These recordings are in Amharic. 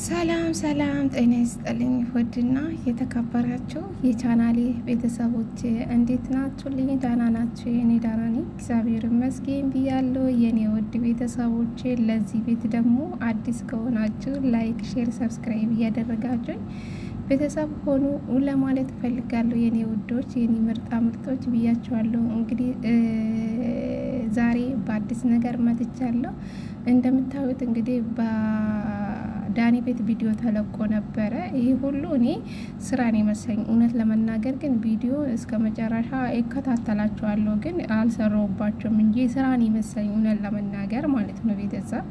ሰላም ሰላም፣ ጤና ይስጠልኝ። ውድና የተከበራችሁ የቻናሌ ቤተሰቦች እንዴት ልኝ ዳና ናችሁ? የኔ ዳና ነኝ እግዚአብሔር ይመስገን ብያለሁ። የኔ ውድ ቤተሰቦች፣ ለዚህ ቤት ደግሞ አዲስ ከሆናችሁ ላይክ፣ ሼር፣ ሰብስክራይብ እያደረጋችሁኝ ቤተሰብ ሆኑ ለማለት እፈልጋለሁ። የኔ ውዶች፣ የኔ ምርጣ ምርጦች ብያችኋለሁ። እንግዲህ ዛሬ በአዲስ ነገር መጥቻለሁ። እንደምታዩት እንግዲህ ዳኒ ቤት ቪዲዮ ተለቆ ነበረ። ይህ ሁሉ እኔ ስራን የመሰለኝ እውነት ለመናገር ግን ቪዲዮ እስከ መጨረሻ ይከታተላቸዋለሁ፣ ግን አልሰራውባቸውም እንጂ ስራን የመሰለኝ እውነት ለመናገር ማለት ነው። ቤተሰብ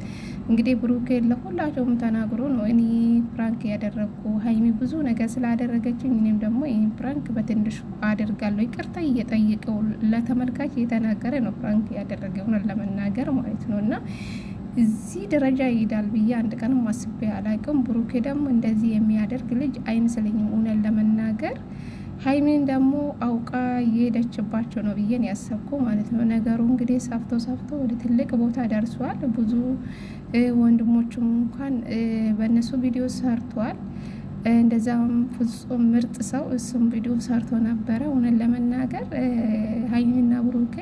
እንግዲህ ብሩኬን ለሁላቸውም ተናግሮ ነው እኔ ፕራንክ ያደረግኩ ሀይሚ ብዙ ነገር ስላደረገችኝ እኔም ደግሞ ይህ ፕራንክ በትንሽ አድርጋለሁ ይቅርታ እየጠየቀው ለተመልካች እየተናገረ ነው ፕራንክ ያደረገ እውነት ለመናገር ማለት ነው እና እዚህ ደረጃ ይሄዳል ብዬ አንድ ቀንም አስቤ አላውቅም። ብሩኬ ደግሞ እንደዚህ የሚያደርግ ልጅ አይመስለኝም እውነት ለመናገር ሀይሚን ደግሞ አውቃ የሄደችባቸው ነው ብዬን ያሰብኩ ማለት ነው። ነገሩ እንግዲህ ሰፍቶ ሰፍቶ ወደ ትልቅ ቦታ ደርሷል። ብዙ ወንድሞችም እንኳን በእነሱ ቪዲዮ ሰርቷል። እንደዛም ፍጹም ምርጥ ሰው እሱም ቪዲዮ ሰርቶ ነበረ። እውነት ለመናገር ሀይሚና ብሩኬ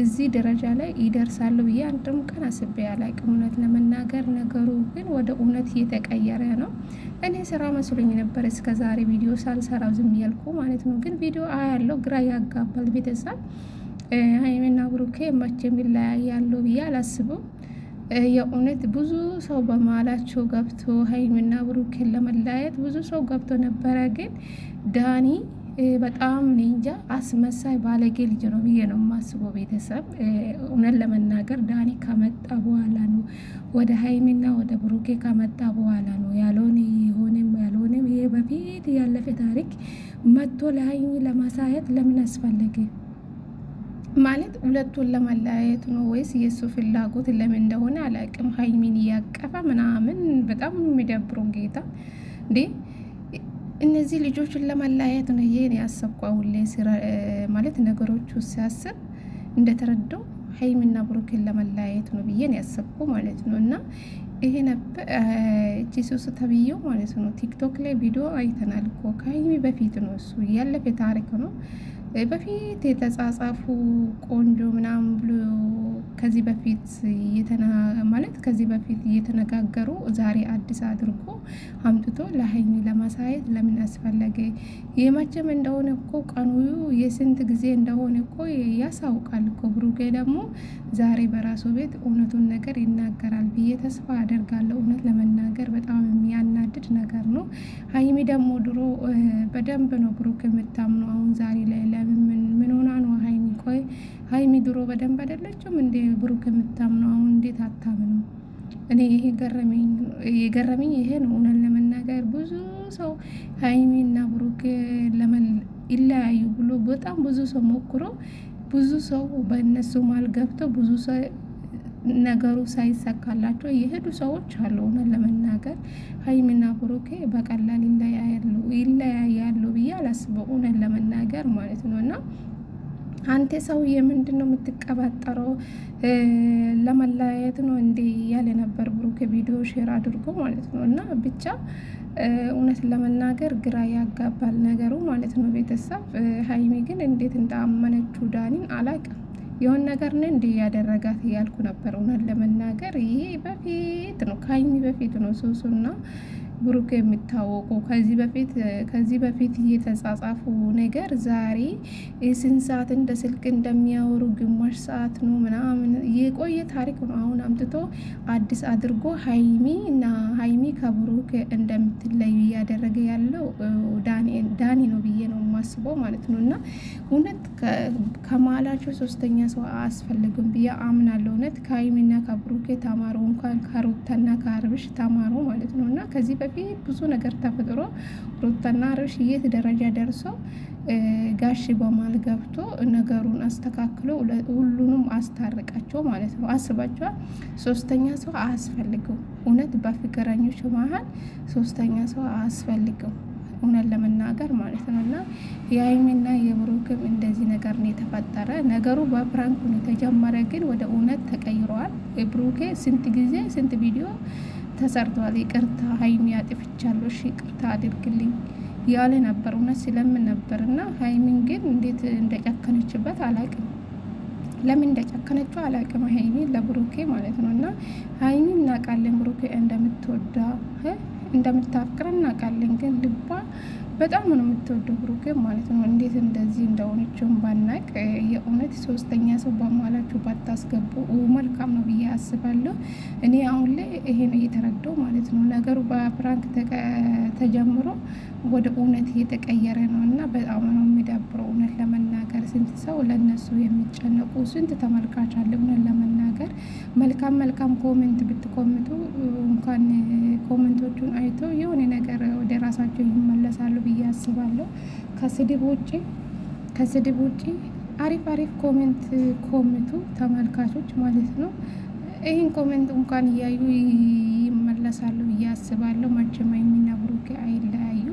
እዚህ ደረጃ ላይ ይደርሳሉ ብዬ አንድም ቀን አስቤ አላቅም። እውነት ለመናገር ነገሩ ግን ወደ እውነት እየተቀየረ ነው። እኔ ስራ መስሎኝ ነበር እስከ ዛሬ ቪዲዮ ሳልሰራው ዝም ያልኩ ማለት ነው። ግን ቪዲዮ አያለው ግራ ያጋባል። ቤተሰብ ሀይሚና ብሩኬ መቼም ይለያያሉ ብዬ አላስብም። የእውነት ብዙ ሰው በማላቸው ገብቶ ሀይሚና ብሩኬን ለመለያየት ብዙ ሰው ገብቶ ነበረ ግን ዳኒ በጣም እንጃ አስመሳይ ባለጌ ልጅ ነው ብዬ ነው የማስበው። ቤተሰብ እውነት ለመናገር ዳኒ ከመጣ በኋላ ነው ወደ ሀይሚና ወደ ብሩኬ ከመጣ በኋላ ነው ያልሆነ የሆነም ያልሆነም ይሄ በፊት ያለፈ ታሪክ መጥቶ ለሀይሚ ለማሳየት ለምን አስፈለገ? ማለት ሁለቱን ለመለያየት ነው ወይስ የእሱ ፍላጎት ለምን እንደሆነ አላቅም። ሀይሚን እያቀፈ ምናምን በጣም የሚደብረው ጌታ እንዴ እነዚህ ልጆችን ለማለያየት ነው ይሄን ያሰብኩ። አሁን ላይ ስራ ማለት ነገሮቹ ሲያስብ እንደተረዳው ሀይሚና ብሩክን ለማለያየት ነው ብዬን ያሰብኩ ማለት ነው እና ይሄ ነበር እቺ ሱሱ ተብዬው ማለት ነው። ቲክቶክ ላይ ቪዲዮ አይተናል እኮ ከሀይሚ በፊት ነው እሱ ያለፈ ታሪክ ነው። በፊት የተጻጻፉ ቆንጆ ምናምን ብሎ ከዚህ በፊት ማለት ከዚህ በፊት እየተነጋገሩ ዛሬ አዲስ አድርጎ አምጥቶ ለሀይሚ ለማሳየት ለምን አስፈለገ? የመቼም እንደሆነ እኮ ቀኑ የስንት ጊዜ እንደሆነ እኮ ያሳውቃል እኮ ብሩኬ ደግሞ ዛሬ በራሱ ቤት እውነቱን ነገር ይናገራል ብዬ ተስፋ አደርጋለሁ። እውነት ለመናገር በጣም የሚያናድድ ነገር ነው። ሀይሚ ደግሞ ድሮ በደንብ ነው ብሩክ የምታምኑ አሁን ዛሬ ላይ ለምን ምን ሆና ነው ሀይሚ? ቆይ ሀይሚ ድሮ በደንብ አይደለችም እንዴ ብሩክ የምታምኑ አሁን እንዴት አታምኑ? እኔ ይሄ ገረመኝ የገረመኝ ይሄ ነው። እውነት ለመናገር ብዙ ሰው ሀይሚ እና ብሩክ ለመን ይለያዩ ብሎ በጣም ብዙ ሰው ሞክሮ ብዙ ሰው በእነሱ ማል ገብተው ብዙ ሰው ነገሩ ሳይሳካላቸው የሄዱ ሰዎች አሉ። እውነት ለመናገር ሀይሚና ብሩኬ በቀላል ይለያያሉ ብዬ አላስበው። እውነት ለመናገር ማለት ነው እና አንተ ሰውዬ ምንድን ነው የምትቀባጠረው? ለመለያየት ነው እንዴ እያለ ነበር ብሩክ ቪዲዮ ሼር አድርጎ ማለት ነው እና ብቻ እውነት ለመናገር ግራ ያጋባል ነገሩ ማለት ነው። ቤተሰብ ሀይሚ ግን እንዴት እንዳመነችው ዳኒን አላቅም። የሆን ነገር ነ እንዲህ ያደረጋት እያልኩ ነበር። እውነት ለመናገር ይሄ በፊት ነው ከሀይሚ በፊት ነው ሶሱና ብሩክ የሚታወቁ ከዚህ በፊት ከዚህ በፊት እየተጻጻፉ ነገር ዛሬ ስንት ሰዓት እንደ ስልክ እንደሚያወሩ ግማሽ ሰዓት ነው ምናምን የቆየ ታሪክ ነው። አሁን አምጥቶ አዲስ አድርጎ ሀይሚ እና ሀይሚ ከብሩክ እንደምትለዩ እያደረገ ያለው ዳኒ ነው። ሳስበው ማለት ነው። እና እውነት ከመሀላቸው ሶስተኛ ሰው አያስፈልግም ብዬ አምናለሁ። እውነት ከሀይሚና ከብሩኬ ተማሩ፣ እንኳን ከሩታና ከአርብሽ ተማሩ ማለት ነው። እና ከዚህ በፊት ብዙ ነገር ተፈጥሮ ሩታና አርብሽ የት ደረጃ ደርሰው ጋሽ በማል ገብቶ ነገሩን አስተካክሎ ሁሉንም አስታርቃቸው ማለት ነው። አስባቸዋል። ሶስተኛ ሰው አያስፈልግም። እውነት በፍቅረኞች መሀል ሶስተኛ ሰው አያስፈልግም። እውነት ለመናገር ማለት ነው እና የሀይሚና የብሩክም እንደዚህ ነገር ነው የተፈጠረ። ነገሩ በፕራንክ ነው የተጀመረ፣ ግን ወደ እውነት ተቀይረዋል። የብሩኬ ስንት ጊዜ ስንት ቪዲዮ ተሰርተዋል። ይቅርታ ሀይሚ አጥፍቻለሽ፣ እሺ ይቅርታ አድርግልኝ ያለ ነበር እውነት ስለምን ነበር እና ሀይሚን ግን እንዴት እንደጨከነችበት አላቅም። ለምን እንደጨከነችው አላቅም። ሀይሚ ለብሩኬ ማለት ነው ሀይሚ እናቃለን ብሩኬ እንደምትወዳ እንደምታፍቅር እናቃለን፣ ግን ልባ በጣም ነው የምትወደው ብሩኬ ማለት ነው። እንዴት እንደዚህ እንደሆነችውን ባናቅ የእውነት ሶስተኛ ሰው በመሀላችሁ ባታስገቡ መልካም ነው ብዬ አስባለሁ። እኔ አሁን ላይ ይሄን እየተረዳው ማለት ነው። ነገሩ በፍራንክ ተጀምሮ ወደ እውነት እየተቀየረ ነው እና በጣም ነው የሚዳብረው እውነት ለመናገር ስንት ሰው ለነሱ የሚጨነቁ ስንት ተመልካች አለ እውነት ለመናገር መልካም መልካም መልካም ኮሜንት ብትኮምቱ እንኳን ኮሜንቶቹን አይቶ የሆነ ነገር ወደ ራሳቸው ይመለሳሉ ብዬ አስባለሁ። ከስድብ ውጭ ከስድብ ውጭ አሪፍ አሪፍ ኮሜንት ኮምቱ ተመልካቾች ማለት ነው። ይህን ኮሜንት እንኳን እያዩ ይመለሳሉ ብዬ አስባለሁ። መቼም ሀይሚና ብሩኬ አይለያዩ።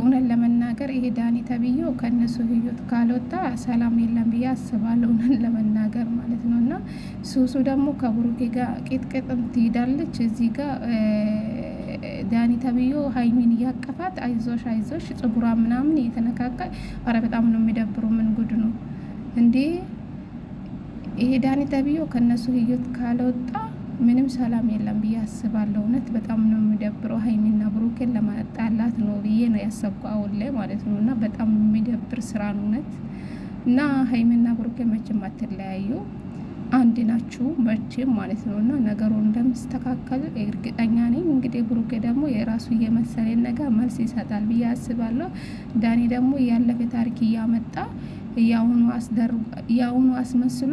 እውነት ለመናገር ይሄ ዳኒ ተብዬው ከእነሱ ህይወት ካልወጣ ሰላም የለም ብዬ አስባለሁ። እውነት ለመናገር ማለት ማለት ነው። እና ሱሱ ደግሞ ከብሩኬ ጋር ቅጥቅጥም ትሄዳለች። እዚህ ጋር ዳኒ ተብዮ ሀይሚን እያቀፋት አይዞሽ አይዞሽ፣ ጽጉሯ ምናምን እየተነካካ አረ በጣም ነው የሚደብሩ። ምን ጉድ ነው እንዴ! ይሄ ዳኒ ተብዮ ከእነሱ ህይወት ካለወጣ ምንም ሰላም የለም ብዬ አስባለሁ። እውነት በጣም ነው የሚደብረው። ሀይሚና ብሩኬን ለማጣላት ነው ብዬ ነው ያሰብኩ አሁን ላይ ማለት ነው። እና በጣም የሚደብር ስራ ነው እውነት። እና ሀይሚና ብሩኬ መቼም አትለያዩ። አንድ ናችሁ መቼም ማለት ነው። እና ነገሩ እንደሚስተካከል እርግጠኛ ነኝ። እንግዲህ ብሩኬ ደግሞ የራሱ እየመሰለኝ ነገር መልስ ይሰጣል ብዬ አስባለሁ። ዳኒ ደግሞ ያለፈ ታሪክ እያመጣ ያውኑ አስመስሎ